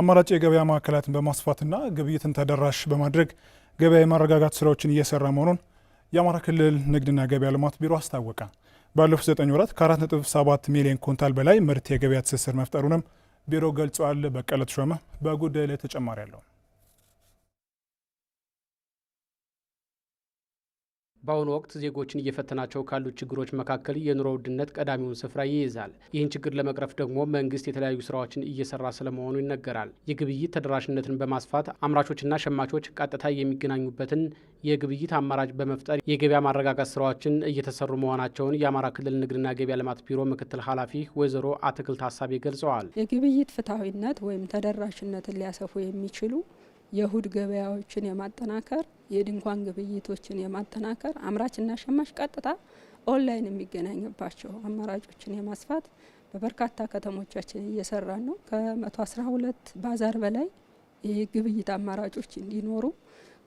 አማራጭ የገበያ ማዕከላትን በማስፋትና ግብይትን ተደራሽ በማድረግ ገበያ የማረጋጋት ስራዎችን እየሰራ መሆኑን የአማራ ክልል ንግድና ገበያ ልማት ቢሮ አስታወቀ። ባለፉት 9 ወራት ከ4.7 ሚሊዮን ኩንታል በላይ ምርት የገበያ ትስስር መፍጠሩንም ቢሮ ገልጿል። በቀለት ሾመ በጉዳዩ ላይ ተጨማሪ አለው። በአሁኑ ወቅት ዜጎችን እየፈተናቸው ካሉ ችግሮች መካከል የኑሮ ውድነት ቀዳሚውን ስፍራ ይይዛል። ይህን ችግር ለመቅረፍ ደግሞ መንግስት የተለያዩ ስራዎችን እየሰራ ስለመሆኑ ይነገራል። የግብይት ተደራሽነትን በማስፋት አምራቾችና ሸማቾች ቀጥታ የሚገናኙበትን የግብይት አማራጭ በመፍጠር የገበያ ማረጋጋት ስራዎችን እየተሰሩ መሆናቸውን የአማራ ክልል ንግድና ገበያ ልማት ቢሮ ምክትል ኃላፊ ወይዘሮ አትክልት ሀሳቤ ገልጸዋል። የግብይት ፍትሐዊነት ወይም ተደራሽነትን ሊያሰፉ የሚችሉ የእሁድ ገበያዎችን የማጠናከር የድንኳን ግብይቶችን የማጠናከር አምራችና ሸማች ቀጥታ ኦንላይን የሚገናኝባቸው አማራጮችን የማስፋት በበርካታ ከተሞቻችን እየሰራን ነው ከመቶ አስራ ሁለት ባዛር በላይ የግብይት አማራጮች እንዲኖሩ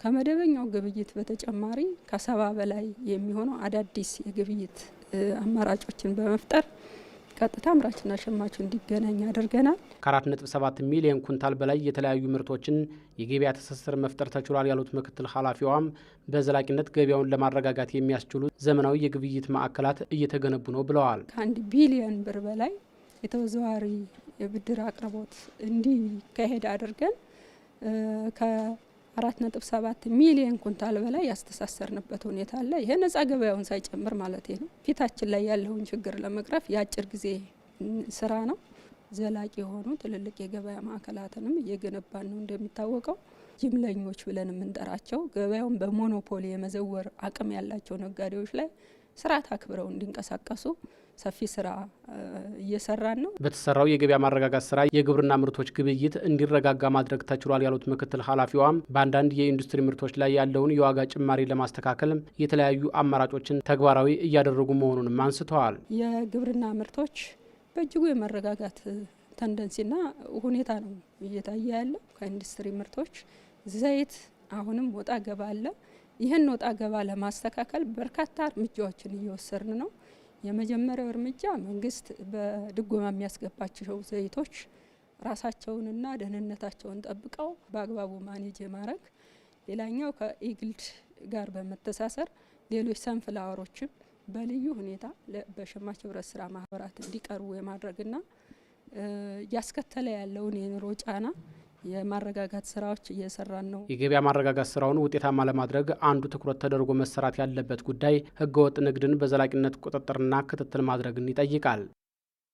ከመደበኛው ግብይት በተጨማሪ ከሰባ በላይ የሚሆኑ አዳዲስ የግብይት አማራጮችን በመፍጠር ቀጥታ አምራችና ሸማቹ እንዲገናኝ አድርገናል። ከ4.7 ሚሊዮን ኩንታል በላይ የተለያዩ ምርቶችን የገበያ ትስስር መፍጠር ተችሏል ያሉት ምክትል ኃላፊዋም በዘላቂነት ገበያውን ለማረጋጋት የሚያስችሉ ዘመናዊ የግብይት ማዕከላት እየተገነቡ ነው ብለዋል። ከአንድ ቢሊዮን ብር በላይ የተዘዋዋሪ የብድር አቅርቦት እንዲካሄድ አድርገን አራት ነጥብ ሰባት ሚሊየን ኩንታል በላይ ያስተሳሰርንበት ሁኔታ አለ። ይሄ ነጻ ገበያውን ሳይጨምር ማለት ነው። ፊታችን ላይ ያለውን ችግር ለመቅረፍ የአጭር ጊዜ ስራ ነው። ዘላቂ የሆኑ ትልልቅ የገበያ ማዕከላትንም እየገነባን ነው። እንደሚታወቀው ጅምለኞች ብለን የምንጠራቸው ገበያውን በሞኖፖሊ የመዘወር አቅም ያላቸው ነጋዴዎች ላይ ስርዓት አክብረው እንዲንቀሳቀሱ ሰፊ ስራ እየሰራን ነው። በተሰራው የገበያ ማረጋጋት ስራ የግብርና ምርቶች ግብይት እንዲረጋጋ ማድረግ ተችሏል ያሉት ምክትል ኃላፊዋም በአንዳንድ የኢንዱስትሪ ምርቶች ላይ ያለውን የዋጋ ጭማሪ ለማስተካከል የተለያዩ አማራጮችን ተግባራዊ እያደረጉ መሆኑንም አንስተዋል። የግብርና ምርቶች በእጅጉ የመረጋጋት ተንደንሲና ሁኔታ ነው እየታየ ያለው። ከኢንዱስትሪ ምርቶች ዘይት አሁንም ወጣ ገባ አለ። ይህን ወጣ ገባ ለማስተካከል በርካታ እርምጃዎችን እየወሰድን ነው። የመጀመሪያው እርምጃ መንግስት በድጎማ የሚያስገባቸው ዘይቶች ራሳቸውንና ደህንነታቸውን ጠብቀው በአግባቡ ማኔጅ የማድረግ ሌላኛው ከኢግልድ ጋር በመተሳሰር ሌሎች ሰንፍላወሮችም በልዩ ሁኔታ በሸማች ህብረት ስራ ማህበራት እንዲቀርቡ የማድረግና እያስከተለ ያለውን የኑሮ ጫና የማረጋጋት ስራዎች እየሰራን ነው። የገበያ ማረጋጋት ስራውን ውጤታማ ለማድረግ አንዱ ትኩረት ተደርጎ መሰራት ያለበት ጉዳይ ህገወጥ ንግድን በዘላቂነት ቁጥጥርና ክትትል ማድረግን ይጠይቃል።